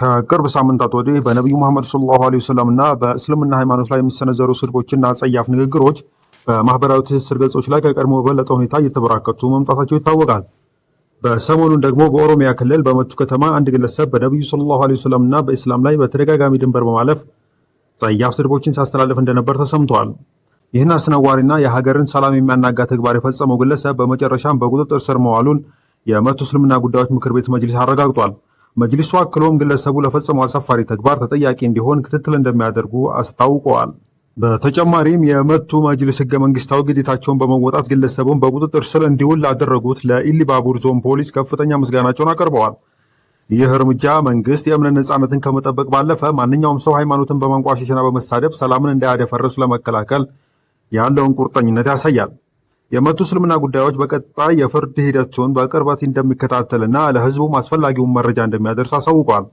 ከቅርብ ሳምንታት ወዲህ በነቢዩ መሐመድ ሰለላሁ ዐለይሂ እና በእስልምና ሃይማኖት ላይ የሚሰነዘሩ ስድቦችና ጸያፍ ንግግሮች በማህበራዊ ትስስር ገጾች ላይ ከቀድሞ በበለጠ ሁኔታ እየተበራከቱ መምጣታቸው ይታወቃል። በሰሞኑን ደግሞ በኦሮሚያ ክልል በመቱ ከተማ አንድ ግለሰብ በነቢዩ ሰለላሁ ዐለይሂ ና በኢስላም ላይ በተደጋጋሚ ድንበር በማለፍ ጸያፍ ስድቦችን ሲያስተላልፍ እንደነበር ተሰምቷል። ይህን አስነዋሪና የሀገርን ሰላም የሚያናጋ ተግባር የፈጸመው ግለሰብ በመጨረሻም በቁጥጥር ስር መዋሉን የመቱ እስልምና ጉዳዮች ምክር ቤት መጅሊስ አረጋግጧል። መጅሊሱ አክሎም ግለሰቡ ለፈጸመው አሳፋሪ ተግባር ተጠያቂ እንዲሆን ክትትል እንደሚያደርጉ አስታውቀዋል። በተጨማሪም የመቱ መጅልስ ህገ መንግስታዊ ግዴታቸውን በመወጣት ግለሰቡን በቁጥጥር ስር እንዲውል ላደረጉት ለኢሊባቡር ዞን ፖሊስ ከፍተኛ ምስጋናቸውን አቅርበዋል። ይህ እርምጃ መንግስት የእምነት ነጻነትን ከመጠበቅ ባለፈ ማንኛውም ሰው ሃይማኖትን በማንቋሸሽና በመሳደብ ሰላምን እንዳያደፈርሱ ለመከላከል ያለውን ቁርጠኝነት ያሳያል። የመቱ እስልምና ጉዳዮች በቀጣይ የፍርድ ሂደቱን በቅርበት እንደሚከታተልና ለህዝቡም አስፈላጊውን መረጃ እንደሚያደርስ አሳውቋል።